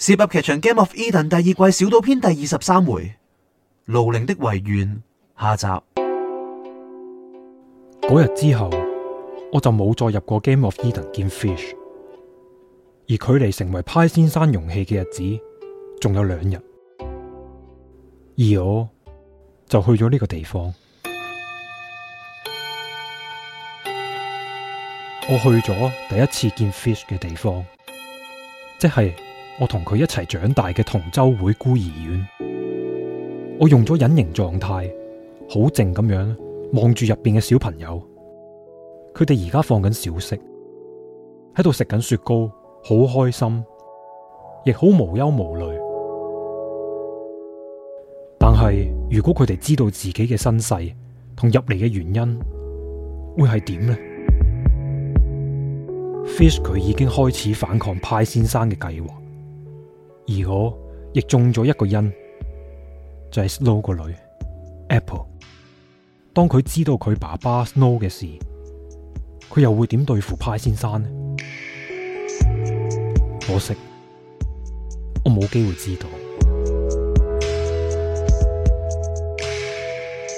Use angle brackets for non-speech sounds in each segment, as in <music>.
Zip 噏劇場《Game of Eden》第二季小島篇第二十三回《盧零的遺願》下集。嗰日之後，我就冇再入過《Game of Eden》見 Fish，而距離成為派先生容器嘅日子，仲有兩日，而我就去咗呢個地方。我去咗第一次見 Fish 嘅地方，即係，我同佢一齊長大嘅同舟會孤兒院，我用咗隱形狀態，好靜咁樣望住入邊嘅小朋友，佢哋而家放緊小息，喺度食緊雪糕，好開心，亦好無憂無慮。但係如果佢哋知道自己嘅身世同入嚟嘅原因，會係點呢？Fish 佢已經開始反抗派先生嘅計劃。而我亦種咗一個因，就係 Snow 個女 Apple。當佢知道佢爸爸 Snow 嘅事，佢又會點對付 π 先生呢？可惜我冇機會知道。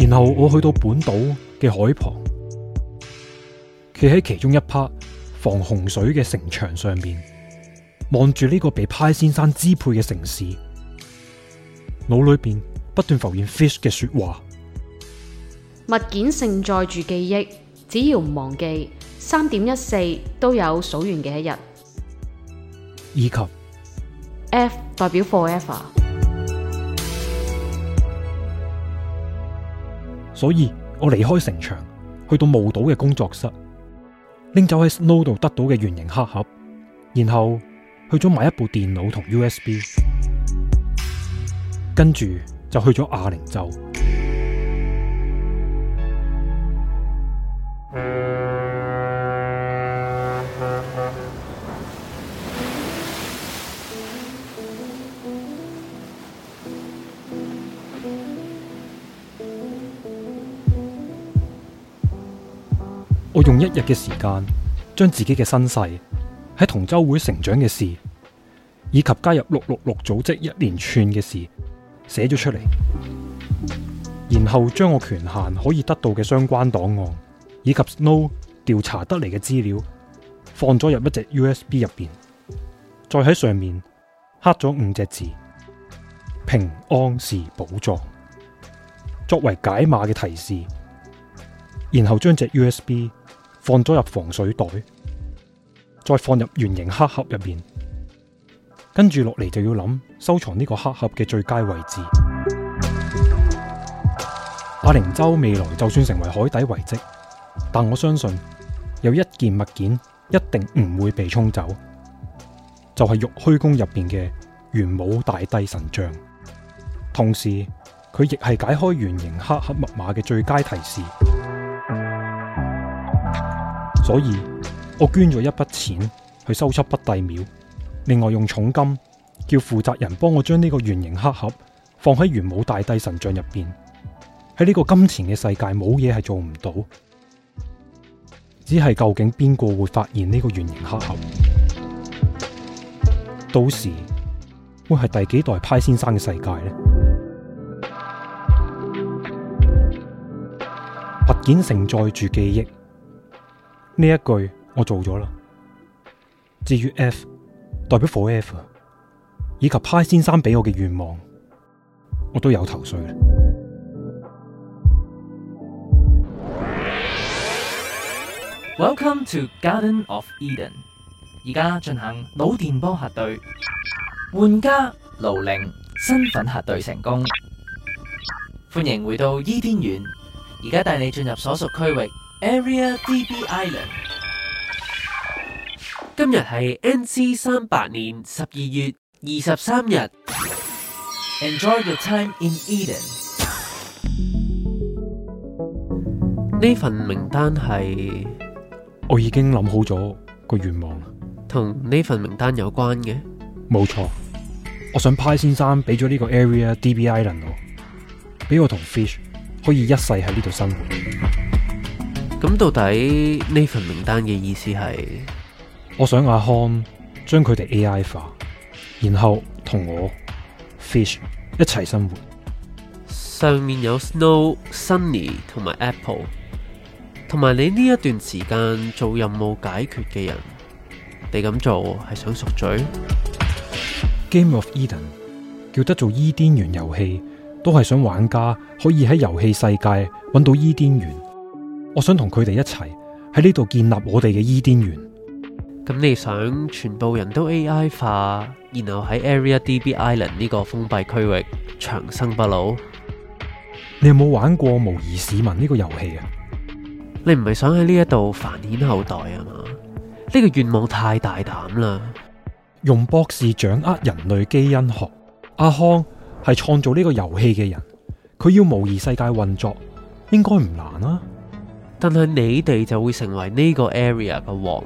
然後我去到本島嘅海旁，企喺其中一 part 防洪水嘅城牆上面。望住呢個被 π 先生支配嘅城市，腦裏邊不斷浮現 Fish 嘅說話。物件盛載住記憶，只要唔忘記，三點一四都有數完嘅一日。以及，F 代表 Forever。所以我離開城牆，去到墓島嘅工作室，拎走喺 Snow 度得到嘅圓形黑盒，然後。去咗買一部電腦同 USB，跟住就去咗啞鈴洲。 <music> 我用一日嘅時間，將自己嘅身世，喺同舟會成長嘅事，以及加入六六六組織一連串嘅事，寫咗出嚟，然後將我權限可以得到嘅相關檔案，以及 Snow 調查得嚟嘅資料放咗入一隻 U S B 入面，再喺上面刻咗五隻字平安是寶藏，作為解碼嘅提示，然後將隻 U S B 放咗入防水袋。再放入圓形黑盒入面，跟住落嚟就要諗收藏呢個黑盒嘅最佳位置。啞鈴洲未來就算成為海底遺跡，但我相信，有一件物件一定唔會被沖走，就係玉虛宮入邊嘅玄武大帝神像。同時，佢亦係解開圓形黑盒密碼嘅最佳提示。所以，我捐咗一筆錢去修葺北帝廟，另外用重金叫負責人幫我將呢個圓形黑盒放喺玄武大帝神像入邊。喺呢個金錢嘅世界，冇嘢係做唔到，只係究竟邊個會發現呢個圓形黑盒？到時會係第幾代派先生嘅世界呢？物件承載住記憶呢一句。我做咗啦。至於 F，代表 Forever，以及派先生俾我嘅願望，我都有頭緒啦。Welcome to Garden of Eden。而家進行腦電波核對，玩家盧零身份核對成功。歡迎回到伊甸園，而家帶你進入所屬區域 Area DB Island。今日係 N.C. 三八年十二月二十三日。Enjoy your time in Eden。呢份名單係？我已經諗好咗個願望啦。同呢份名單有關嘅？冇錯，我想 π 先生俾咗呢個 Area DB Island 我，俾我同 Fish 可以一世喺呢度生活。咁到底呢份名單嘅意思係？我想阿康將佢哋 AI 化，然後同我 Fish 一齊生活。上面有 Snow、Sunnie 同埋 Apple，同埋你呢一段時間做任務解決嘅人，你咁做係想贖罪？Game of Eden 叫得做伊甸園遊戲，都係想玩家可以喺遊戲世界揾到伊甸園。我想同佢哋一齊喺呢度建立我哋嘅伊甸園。咁你想全部人都 A.I. 化，然後喺 Area DB Island 呢個封閉區域長生不老？你有冇玩過《模擬市民》呢個遊戲啊？你唔係想喺呢一度繁衍後代啊嘛？呢個願望太大膽啦。容博士掌握人類基因學，阿康係創造呢個遊戲嘅人，佢要模擬世界運作，應該唔難啊。但係你哋就會成為呢個 Area 嘅王。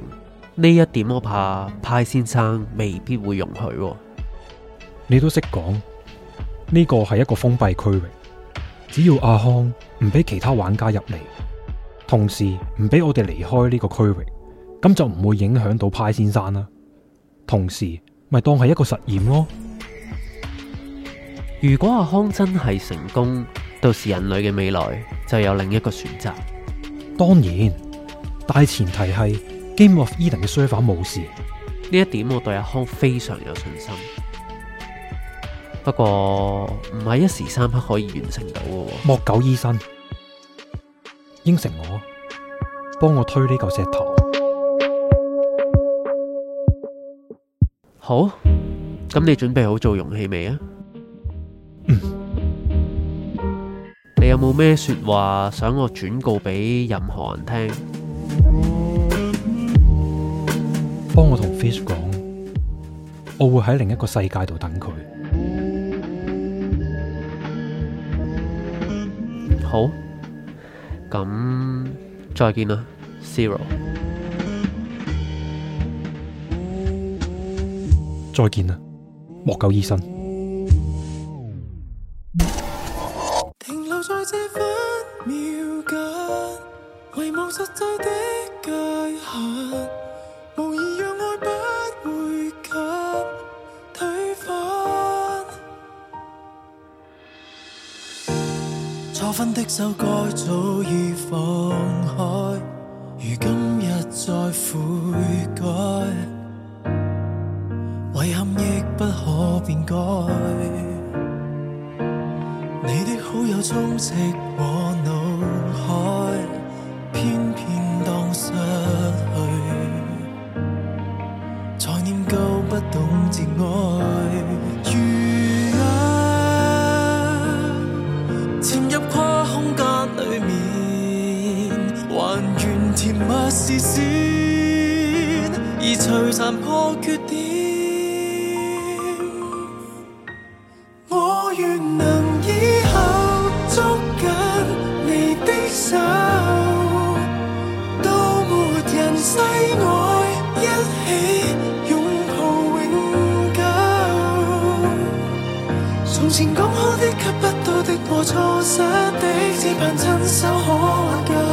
呢一點我怕派先生未必會容許喎。你都識講呢個係一個封閉區域，只要阿康唔俾其他玩家入嚟，同時唔俾我哋離開呢個區域，咁就唔會影響到派先生啦。同時，咪當係一個實驗咯。如果阿康真係成功，到時人類嘅未來就有另一個選擇。當然，大前提係，《Game of Eden》嘅 server 冇事，呢一點我對阿康非常有信心。不過，唔係一時三刻可以完成到嘅。莫九醫生，應承我，幫我推呢嚿石頭。好，咁你準備好做容器未啊、嗯？你有冇咩說話想我轉告俾任何人聽？幫我同 Fish 講，我會喺另一個世界度等佢。好，咁再見啦，Zero。再見啦，莫九醫生。分的手該早已放開，如今一再悔改，遺憾亦不可變改。你的好友充斥。破缺點，我願能以後捉緊你的手，到沒人世外，一起擁抱永久。從前講好的，給不到的，和錯失的，只盼親手可救。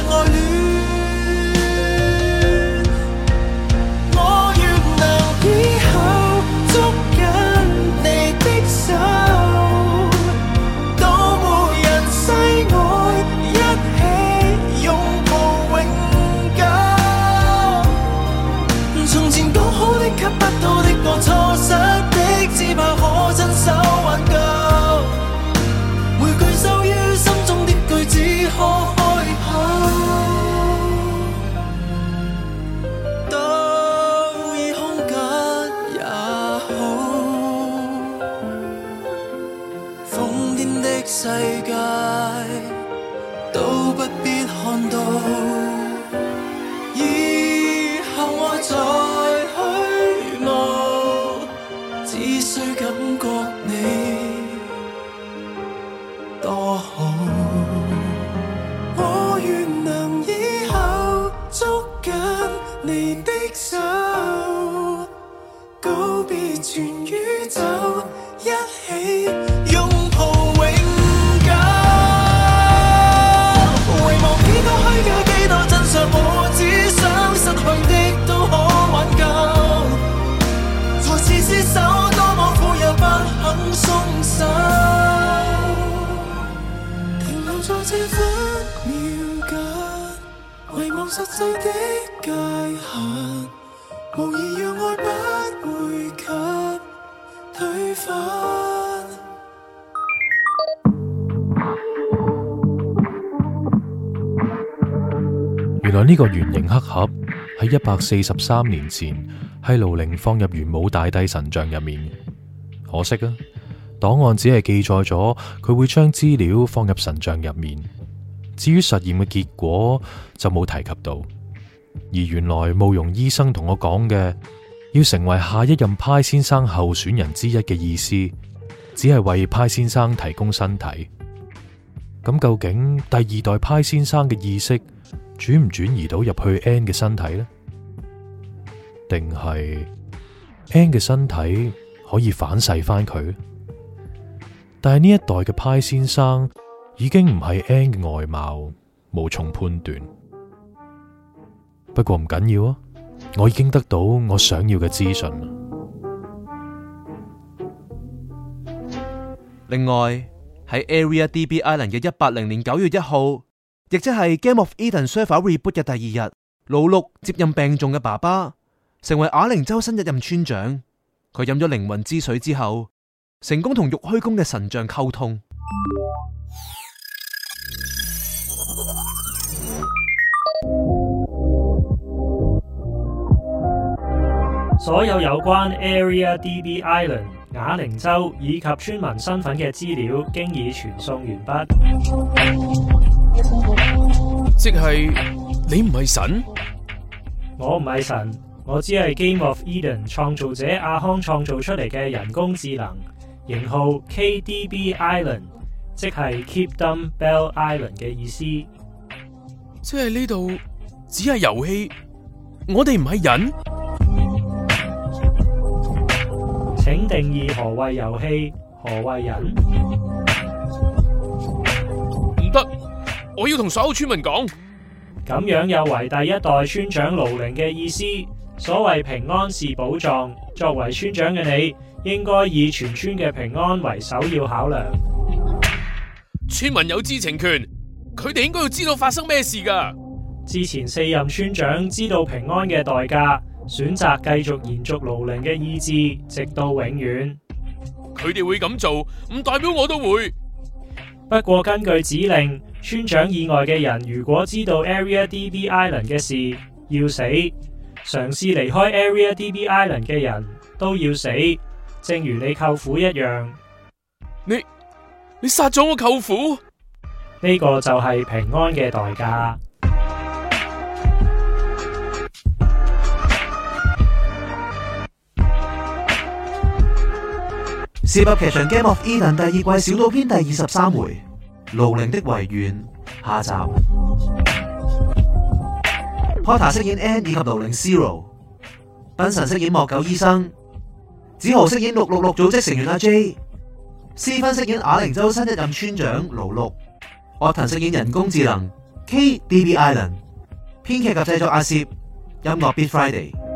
世界都不必看到，以後愛再虛無，只需感覺你多好。我願能以後捉緊你的手，告別全宇宙一起。意不，原來呢個圓形黑盒喺一百四十三年前喺盧零放入玄武大帝神像入面，可惜啊，檔案只係記載咗佢會將資料放入神像入面。至於實驗嘅結果就冇提及到，而原來慕容醫生同我講嘅，要成為下一任 π 先生候選人之一嘅意思，只係為 π 先生提供身體。咁究竟第二代 π 先生嘅意識轉唔轉移到入去 N 嘅身體呢？定係 N 嘅身體可以反噬翻佢？但係呢一代嘅 π 先生？已經唔係 N 嘅外貌，無從判斷。不過唔緊要啊，我已經得到我想要嘅資訊啦。另外，喺 Area DB Island 嘅一八零年九月一號，亦即係 Game of Eden Server Reboot 嘅第二日，老六接任病重嘅爸爸，成為啞鈴洲新一任村長。佢飲咗靈魂之水之後，成功同玉虛宮嘅神像溝通。所有有關 Area DB Island 啞鈴洲以及村民身份嘅資料，已經已傳送完畢。即係你唔係神，我唔係神，我只係 Game of Eden 創造者阿康創造出嚟嘅人工智能，型號 KDB Island，即係 Keep Dumb Bell Island 嘅意思。即係呢度只係遊戲，我哋唔係人。請定義何謂遊戲，何謂人？唔得，我要同所有村民講，咁樣有違第一代村長盧零嘅意思。所謂平安是寶藏，作為村長嘅你，應該以全村嘅平安為首要考量。村民有知情權，佢哋應該要知道發生咩事㗎。之前四任村長知道平安嘅代價。選擇繼續延續盧零嘅意志，直到永遠。佢哋會咁做，唔代表我都會。不過根據指令，村長以外嘅人如果知道 Area DB Island 嘅事，要死。嘗試離開 Area DB Island 嘅人都要死，正如你舅父一樣。你你殺咗我舅父？呢個就係平安嘅代價。《Zip 噏劇場 Game of Eden》第二季小島篇第二十三回《盧零的遺願》下集。Potter 飾演 Andy 以及盧零 Zero，品神飾演莫九醫生，子豪飾演六六六組織成員阿 J，斯芬飾演啞鈴洲新一任村長勞六，岳騰飾演人工智能 K D B Island，編劇及製作阿攝，音樂 Beat Friday。